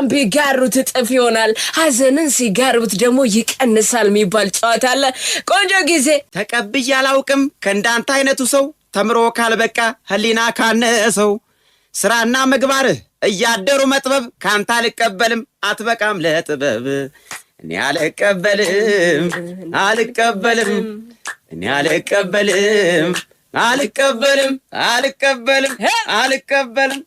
በጣም ቢጋሩት እጥፍ ይሆናል። ሀዘንን ሲጋሩት ደግሞ ይቀንሳል የሚባል ጨዋታ አለ። ቆንጆ ጊዜ ተቀብዬ አላውቅም ከእንዳንተ አይነቱ ሰው ተምሮ ካልበቃ ህሊና ካነሰው ስራና ምግባርህ እያደሩ መጥበብ ካንተ አልቀበልም አትበቃም ለጥበብ እኔ አልቀበልም አልቀበልም እኔ አልቀበልም አልቀበልም አልቀበልም አልቀበልም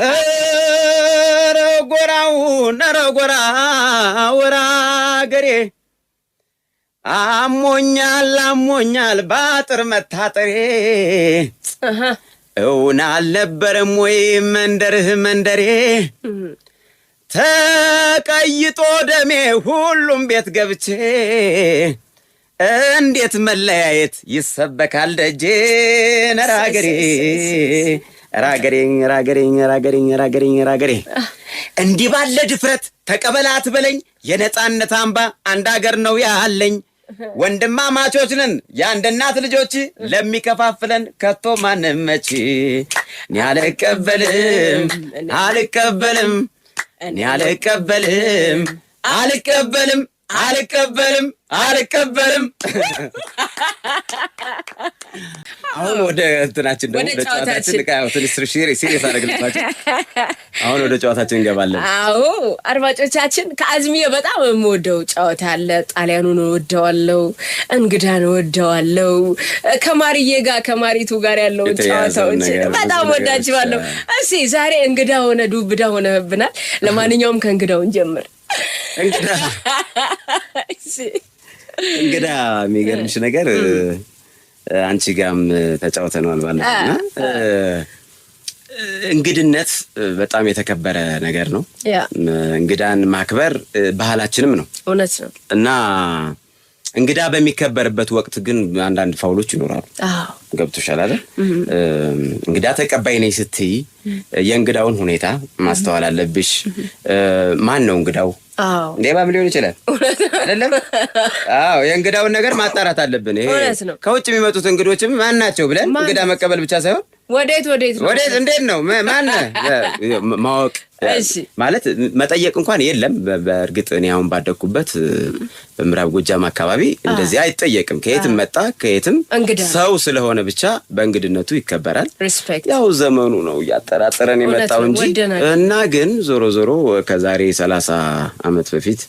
ኧረ ጎራውን ኧረ ጎራ ወራ ገሬ አሞኛል አሞኛል ባጥር መታጠሬ እውን አልነበረም ወይ መንደርህ መንደሬ ተቀይጦ ደሜ ሁሉም ቤት ገብቼ እንዴት መለያየት ይሰበካል ደጄ ነራገሬ ራገሬኝ ራገሬኝ ራገሬኝ ራገሬኝ ራገሬ እንዲህ ባለ ድፍረት ተቀበላት በለኝ የነፃነት አምባ አንድ አገር ነው ያለኝ። ወንድማ ነን የአንድ እናት ልጆች፣ ለሚከፋፍለን ከቶ ማንም መቼ እኔ አልቀበልም አልቀበልም እኔ አልቀበልም አልቀበልም አልቀበልም አልቀበልም አሁን ወደ እንትናችን ደግሞ ወደ ጨዋታችን ሲሪየስ አደረግልባቸው። አሁን ወደ ጨዋታችን እንገባለን። አዎ አድማጮቻችን፣ ከአዝሚዬ በጣም የምወደው ጨዋታ አለ። ጣሊያኑን ወደዋለው፣ እንግዳን ወደዋለው። ከማሪዬ ጋር ከማሪቱ ጋር ያለውን ጨዋታዎች በጣም ወዳችኋለሁ። እስኪ ዛሬ እንግዳ ሆነ ዱብዳ ሆነብናል። ለማንኛውም ከእንግዳውን ጀምር እንግዳ እንግዳ የሚገርምሽ ነገር አንቺ ጋም ተጫውተነዋል ባለፈውና እንግድነት በጣም የተከበረ ነገር ነው። እንግዳን ማክበር ባህላችንም ነው፣ እውነት ነው እና እንግዳ በሚከበርበት ወቅት ግን አንዳንድ ፋውሎች ይኖራሉ። ገብቶሻል አይደል? እንግዳ ተቀባይ ነኝ ስትይ የእንግዳውን ሁኔታ ማስተዋል አለብሽ። ማን ነው እንግዳው? ሌባም ሊሆን ይችላል አይደለም? አዎ የእንግዳውን ነገር ማጣራት አለብን። ይሄ ከውጭ የሚመጡት እንግዶችም ማን ናቸው ብለን እንግዳ መቀበል ብቻ ሳይሆን ወዴት ወዴት ወዴት እንዴት ነው ማን ማወቅ ማለት መጠየቅ እንኳን የለም። በእርግጥ እኔ አሁን ባደግኩበት በምዕራብ ጎጃም አካባቢ እንደዚህ አይጠየቅም። ከየትም መጣ ከየትም ሰው ስለሆነ ብቻ በእንግድነቱ ይከበራል። ያው ዘመኑ ነው እያጠራጠረን የመጣው እንጂ እና ግን ዞሮ ዞሮ ከዛሬ ሰላሳ አመት በፊት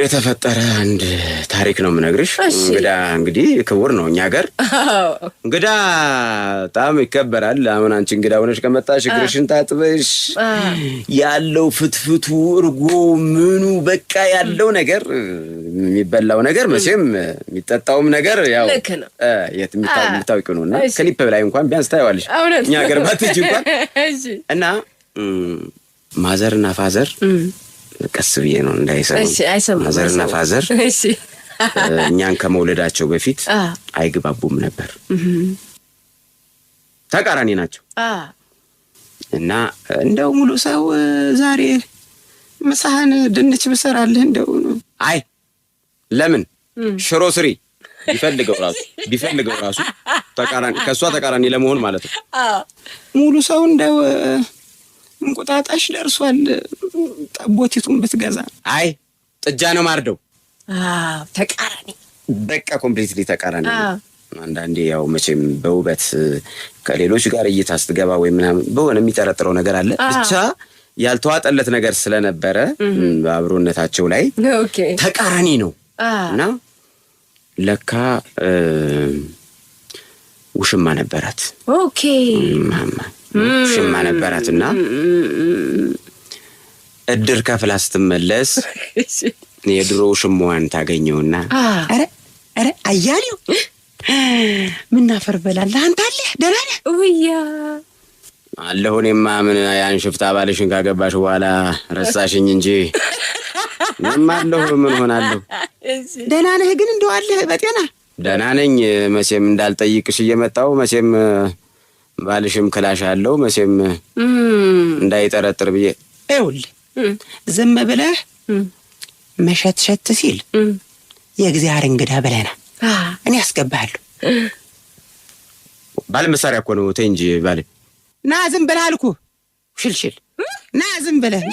የተፈጠረ አንድ ታሪክ ነው የምነግርሽ። እንግዳ እንግዲህ ክቡር ነው እኛ ሀገር እንግዳ በጣም ይከበራል። አሁን አንቺ እንግዳ ሆነሽ ከመጣሽ እግርሽን ታጥበሽ ያለው ፍትፍቱ፣ እርጎ፣ ምኑ በቃ ያለው ነገር የሚበላው ነገር መቼም የሚጠጣውም ነገር ያው የምታውቂው ነው እና ከሊፕ ላይ እንኳን ቢያንስ ታየዋለሽ እኛ ሀገር ባትጅ እንኳን እና ማዘርና ፋዘር ቀስ ብዬ ነው እንዳይሰሙ። ማዘርና ፋዘር እኛን ከመውለዳቸው በፊት አይግባቡም ነበር፣ ተቃራኒ ናቸው እና እንደው ሙሉ ሰው ዛሬ ምሳህን ድንች ብሰራልህ እንደው አይ ለምን ሽሮ ስሪ ቢፈልገው ራሱ ቢፈልገው ራሱ ተቃራኒ ከእሷ ተቃራኒ ለመሆን ማለት ነው ሙሉ ሰው እንደው እንቁጣጣሽ ደርሷል። ጠቦቲቱን ብትገዛ። አይ ጥጃ ነው ማርደው። ተቃራኒ በቃ ኮምፕሊትሊ ተቃራኒ። አንዳንዴ ያው መቼም በውበት ከሌሎች ጋር እይታ ስትገባ ወይም ምናምን በሆነ የሚጠረጥረው ነገር አለ ብቻ ያልተዋጠለት ነገር ስለነበረ በአብሮነታቸው ላይ ተቃራኒ ነው እና ለካ ውሽማ ነበራት ኦኬ ሽማ ነበራት እና እድር ከፍላ ስትመለስ የድሮ ሽማዋን ታገኘውና ረ ኧረ አያሌው ምናፈር በላለህ አንተ አለ ደህና ነህ? ውያ አለሁ። እኔማ ምን ያን ሽፍታ ባልሽን ካገባሽ በኋላ ረሳሽኝ እንጂ ምንም አለሁ። ምን ሆናለሁ? ደህና ነህ ግን እንደው አለህ በጤና? ደህና ነኝ። መቼም እንዳልጠይቅሽ እየመጣሁ መቼም ባልሽም ክላሽ አለው መቼም እንዳይጠረጥር ብዬ ይኸውልህ፣ ዝም ብለህ መሸትሸት ሲል የእግዚአብሔር እንግዳ ብለና እኔ አስገባሃለሁ። ባል መሳሪያ እኮ ነው። ተይ እንጂ ባል ና፣ ዝም ብለህ አልኩ ሽልሽል ና፣ ዝም ብለህ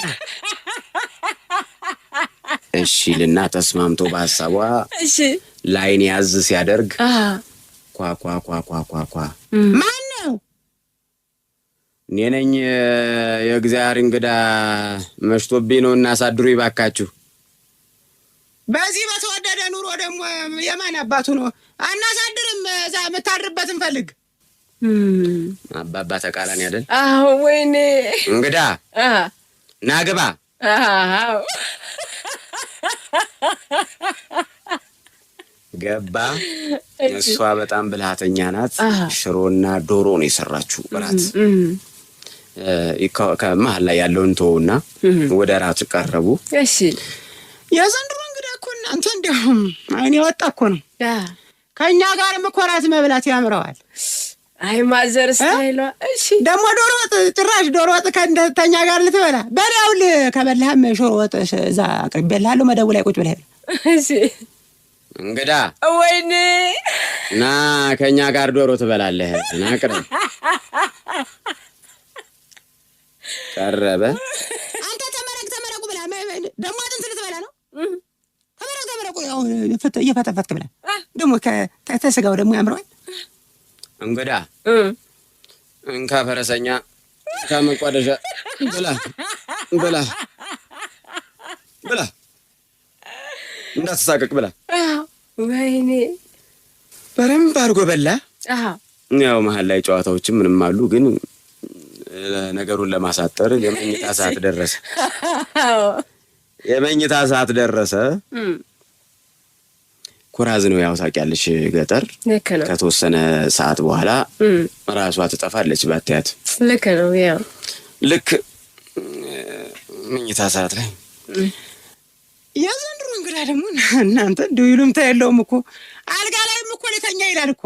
እሺ ልና ተስማምቶ በሀሳቧ ላይን ያዝ ሲያደርግ ኳ ኳ ኳ ኳ ኳ ኳ እኔ ነኝ የእግዚአብሔር እንግዳ መሽቶብኝ ነው እና አሳድሩ ይባካችሁ። በዚህ በተወደደ ኑሮ ደግሞ የማን አባቱ ነው? አናሳድርም። እዛ የምታድርበት እንፈልግ። አባባ ተቃላን ያደል? አዎ። ወይኔ እንግዳ ናግባ ገባ። እሷ በጣም ብልሃተኛ ናት። ሽሮና ዶሮ ነው የሰራችሁ ብላት ከመሀል ላይ ያለውን ተወውና ወደ ራቱ ቀረቡ። እሺ የዘንድሮ እንግዳ እኮ እናንተ እንዲሁም አይን የወጣ እኮ ነው። ከእኛ ጋርም እኮ ራት መብላት ያምረዋል። አይ ማዘር ስታይሏ። እሺ ደግሞ ዶሮ ወጥ፣ ጭራሽ ዶሮ ወጥ ከእንደተኛ ጋር ልትበላ በሊያውል። ከበላህም ሾሮ ወጥ እዛ አቅርቤልሃለሁ፣ መደቡ ላይ ቁጭ ብለህ እንግዳ ወይኔ ና ከእኛ ጋር ዶሮ ትበላለህ። ናቅረ ቀረበ። አንተ ተመረቅ ተመረቁ ብላ ደግሞ አጥንት ልትበላ ነው። ተመረቅ ተመረቁ እየፈተፈትክ ብላ ደግሞ ተስጋው ደግሞ ያምረዋል። እንግዳ እንካ ፈረሰኛ ከመቋደሻ ብላ ብላ ብላ እንዳትሳቀቅ ብላ። ወይኔ በረምብ አድርጎ በላ። ያው መሀል ላይ ጨዋታዎችም ምንም አሉ ግን ነገሩን ለማሳጠር የመኝታ ሰዓት ደረሰ። የመኝታ ሰዓት ደረሰ። ኩራዝ ነው ያው ታውቂያለሽ፣ ገጠር ከተወሰነ ሰዓት በኋላ ራሷ ትጠፋለች። ባታያት ልክ ነው። ያው ልክ መኝታ ሰዓት ላይ ከዛ ደግሞ እናንተ እንዲሁ ይሉምታ የለውም እኮ አልጋ ላይም እኮ ልተኛ ይላል እኮ።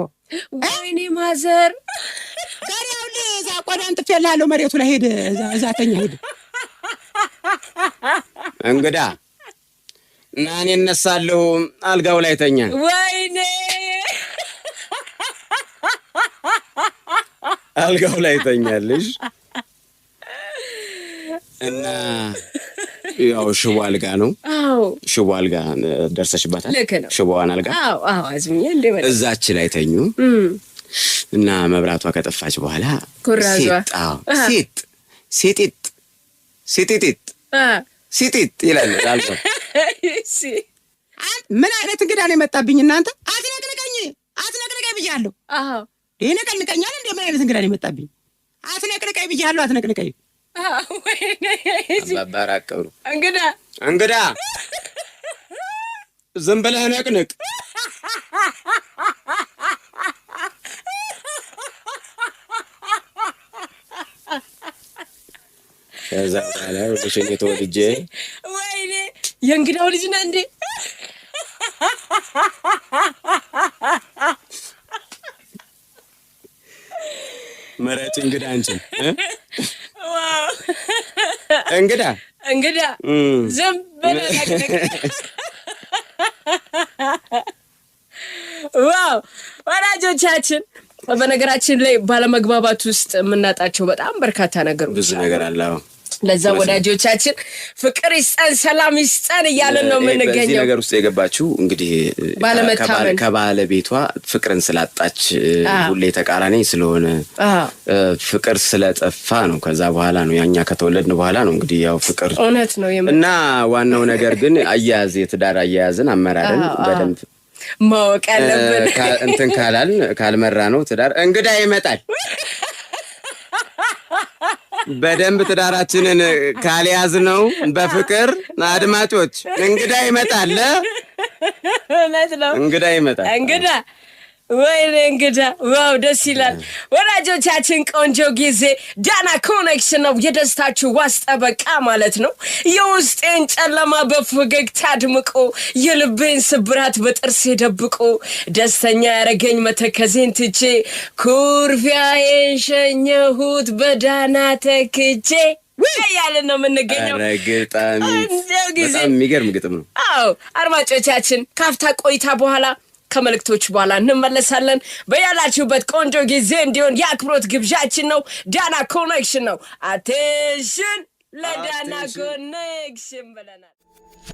ወይኔ ማዘር ዛሬውን እዛ ቆዳ አንጥፌልሃለሁ መሬቱ ላይ ሄደ እዛ ተኛ ሄደ እንግዳ ና እኔ እነሳለሁ፣ አልጋው ላይ ተኛ። ወይኔ አልጋው ላይ ተኛልሽ እና ያው ሽቦ አልጋ ነው ሽቦ አልጋ ደርሰሽባታል? ልክ ነው። ሽቦዋን አልጋ አዝኜ እዛች ላይ ተኙ እና መብራቷ ከጠፋች በኋላ ሴጥ ሴጢጥ ሴጢጢጥ ሴጢጥ ይላል አልፎ ምን አይነት እንግዳ ነው የመጣብኝ? እናንተ አትነቅንቀኝ፣ አትነቅንቀኝ ብያለሁ። ይህ ነቀንቀኛል እንደ ምን አይነት እንግዳ ነው የመጣብኝ? አትነቅንቀኝ ብያለሁ፣ አትነቅንቀኝ። አባባ ራቅ ብሎ እንግዳ እንግዳ ዝም ብለህ ነቅንቅ። ከዛ በኋላ ሽኝ ተወልጄ ወይኔ የእንግዳው ልጅ ነህ እንዴ? ምረጭ እንግዳ አንቺን እንግዳ እንግዳ ዝም ብለህ ነቅንቅ ዋው ወዳጆቻችን፣ በነገራችን ላይ ባለመግባባት ውስጥ የምናጣቸው በጣም በርካታ ነገሮች ብዙ ነገር አለ። ለዛ ወዳጆቻችን ፍቅር ይስጠን፣ ሰላም ይስጠን እያለን ነው የምንገኘው። በዚህ ነገር ውስጥ የገባችው እንግዲህ ከባለቤቷ ፍቅርን ስላጣች ሁሌ ተቃራኒ ስለሆነ ፍቅር ስለጠፋ ነው። ከዛ በኋላ ነው ያኛ ከተወለድን በኋላ ነው እንግዲህ ያው ፍቅር እውነት ነው እና ዋናው ነገር ግን አያያዝ የትዳር አያያዝን አመራርን በደንብ ማወቅ ያለብን እንትን ካላል ካልመራ ነው ትዳር እንግዳ ይመጣል። በደንብ ትዳራችንን ካልያዝ ነው በፍቅር አድማጮች፣ እንግዳ ይመጣል። እውነት ነው፣ እንግዳ ይመጣል። እንግዳ ወይኔ እንግዳ ዋው ደስ ይላል። ወዳጆቻችን ቆንጆ ጊዜ ዳና ኮኔክሽን ነው የደስታችሁ ዋስጠበቃ ማለት ነው። የውስጤን ጨለማ በፈገግታ አድምቆ የልቤን ስብራት በጥርሴ ደብቆ ደስተኛ ያረገኝ መተከዜን ትቼ ኩርፊያዬን ሸኘሁት በዳና ተክቼ ያለን ነው የምንገኘው። በጣም የሚገርም ግጥም ነው። አዎ አድማጮቻችን ካፍታ ቆይታ በኋላ ከመልእክቶች በኋላ እንመለሳለን። በያላችሁበት ቆንጆ ጊዜ እንዲሆን የአክብሮት ግብዣችን ነው። ዳና ኮኔክሽን ነው። አቴንሽን ለዳና ኮኔክሽን ብለናል።